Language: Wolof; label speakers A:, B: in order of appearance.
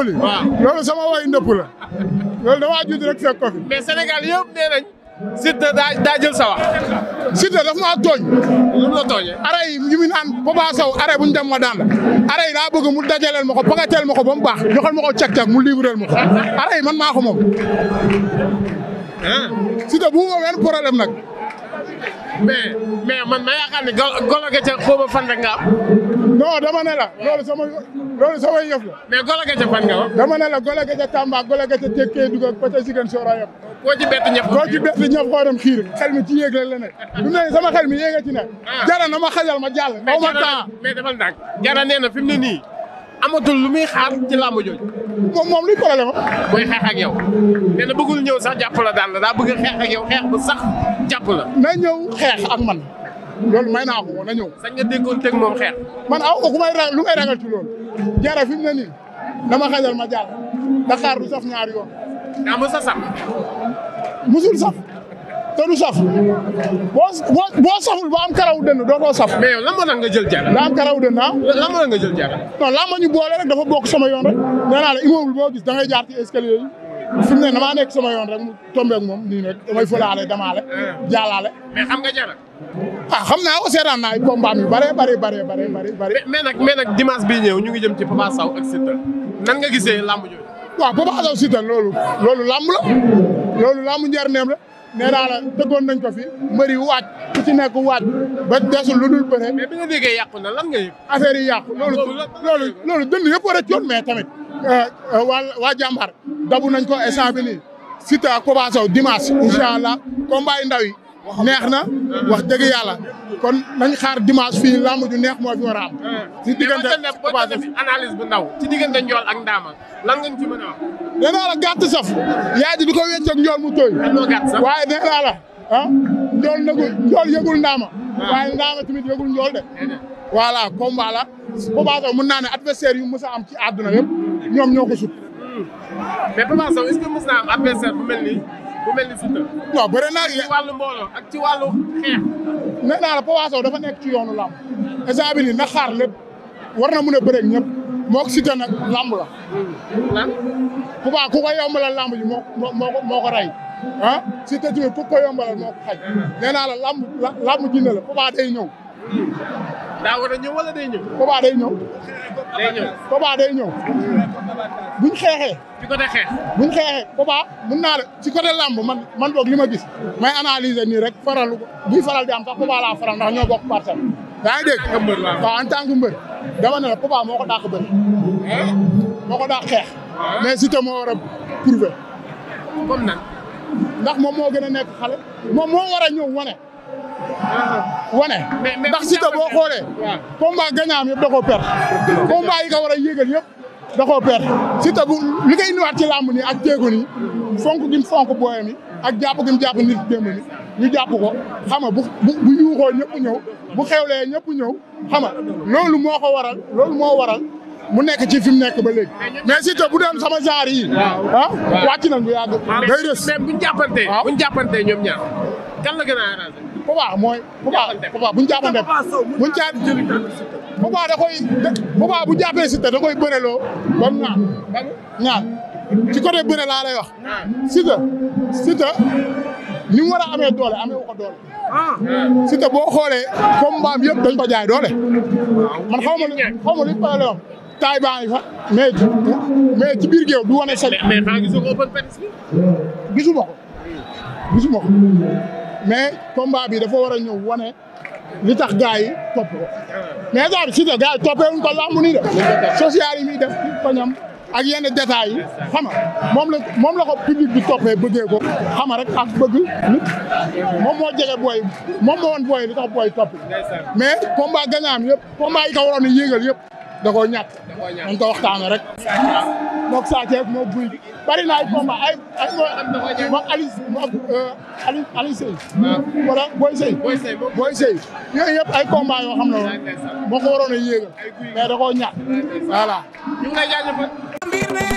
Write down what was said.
A: xuli loolu sama way ndëpp la loolu damaa judd rek fekk ko fi nee nañ Siteu daa daa jël sa wax Siteu daf maa tooñ lu la tooñee are yi ñu bu ñu dem ma daan la are yi laa bëgg mu dajaleel ma ko pagateel ma ko ba mu baax joxal ma ko cag-cag mu livreel ma ko are yi man maa ko moom Siteu bu ma wenn problème nag mais mais man ma yaakaar golo ga ca xóoba non dama ne la. loolu sama loolu sama yëf la. mais Golo Gecce fan nga dama ne la Golo Gecce Tamba Golo Gecce Teck Kédougou ak ba ca Ziguinchor a yëpp. koo ci bett ñëpp koo ci bett ñëpp koo dem xiir xel mi ci yéeg ne. bu ne sama xel mi yéega ah. jara na ma xajal ma jàll. xaw ma taa mais defal ndànk jara nee na fi mu ne nii. amatul lu muy xaar ci làmb jooju. moom moom luy problème am. mooy xeex ak yow. nee na bëggul ñëw sax jàpp la daan la daa bëgg xeex ak yow xeex bu sax jàpp la. na ñëw xeex ak man. loolu may naa ko na ñëw. sañ nga déggoon teg moom xeer. man aw ku may lu may ragal ci jara fi mu ne nii dama xajal ma jàll. Dakar du saf ñaari yoon. daa ma sa saf. musul saf. te du saf boo boo saful ba am karaw dënn dootoo saf. mais yow lan nga jël jara. daa am karaw dënn ah. lan moo tax nga jël jara. non lan ma ñu boole rek dafa bokk sama yoon rek. nee naa la immeuble boo gis da ngay jaar ci fi mu ne damaa nekk sama yoon rek mu tombé moom nii rek damay fëlaale damaale. jaalaale. mais xam nga jarak. a ah, xam naa ko seetaan naa ay combat yu bëree bëri bëri bëri bëri bëri. mais nag mais nag dimanche bii ñu ngi jëm ci Papa Sow ak Siteu nan nga gisee làmb jooju. waaw Papa Sow Siteu loolu loolu làmb la loolu làmb njariñam la. nee naa la dëggoon nañ ko fi mbëri waaj ku ci nekk waaj ba desul lu dul bëre. mais bi nga déggee yàqu na lan nga yëg. affaire yi yàqu loolu loolu loolu coon mais tamit. Euh, euh, waa waa jàmbaar dabu nañ ko instant sita nii Siteu ak Papa Sow dimanche incha allah combat yi ndaw neex na wax dëgg yàlla kon nañ xaar dimanche fii lamb ju neex moo fi war a am. ci bu ndaw ci diggante Ndiol ak Ndama lan nga ci mën a wax. nee naa la saf yaa di ko wécceeg Ndiol mu tooy. waaye nee naa la ah Ndiol nagu Ndiol yëgul Ndama. Ah. waaye Ndama tamit yëgul Ndiol de. Eh, eh. voilà combat la Papa Sow mën naa ne adversaire yu mës a am ci àdduna yëpp. ñoom ñoo ko sut. mais Papa Sow est ak ci wàllu nee naa la Papa Sow dafa nekk ci yoonu làmb. instant bi nii na xaar lépp war na mën a bëreeg ñëpp moo ko Siteu nag làmb la. lan Papa ku rey ah Siteu tamit ku ko yombalal moo nee naa la làmb la Papa day ñëw. daa war a ñëw wala buñ xeexee. ci côté xeex. buñ mun naa la ci côté làmb man man boog li ma gis may analyser nii rek faral buy faral di am sax boobaa laa faral ndax ñoo bokk parcelle. yaa ngi dégg waaw en tant que mbër dama ne la boobaa moo ko dàq bëri. Eh? moo ko dàq xeex. Eh? mais si te moo war a prouver. ndax moom moo gën a nekk xale. moo war a ñëw wane. Ah. wane ndax si te boo xoolee. waaw combat gagnant yëpp da koo perte. combat yi ko war a yëpp. da koo perte Siteu bu li koy indiwaat ci làmb nii ak jéego nii fonk gi fonk booyam yi ak jàpp gi mu jàpp nit démb ni ñu jàpp ko xam nga bu bu bu yuuxoo ñëpp ñëw bu xewlee ñëpp ñëw xam nga loolu moo ko waral loolu moo waral mu nekk ci fi mu nekk ba léegi mais Siteu bu doon sama jaar yi ah wàcc nañ bu yàgg day rës mais buñ jàppante ah. buñ jàppante ñoom ñaar kan la a arrangé mooy Papa Papa buñ jàppante buñ jàpp Papa da koy Papa bu jàppee Siteu da koy bëreloo ba mu ñaar ñaar
B: ci côté bëre laa lay wax.
A: Siteu Siteu ni mu war a amee doole amee wu ko doole. Siteu boo xoolee combat bi yëpp dañ ko jaay doole. man xaw ma li xaw ma li problème am taay baa ngi fa mais mais ci biir géew du wane seen. mais mais gisoo ko open press bi. gisuma ko bi dafa war a ñëw wane. li tax gars yi topp ko mais état bi Siteu gars yi toppee wuñ ko làmb nii def social yi ak yenn détails yi moom la moom la ko public bi toppee bëggee ko xam nga rek ak bëgg nit moom moo jege booy moom moo woon booy li tax booy topp mais combat gagnant yëpp combat yi ko waroon a yéegal yëpp da koo ñàkk dañ ko waxtaanee rek moog Sa Thiès moog Gouye Gui bari na ay combat ay ay moog Aliou euh, Aliou Aliou Seye. Ah. wala Boy Seye. Boy Seye Boy Seye ay combat yoo xam ne woon moo ko waroon a yéegal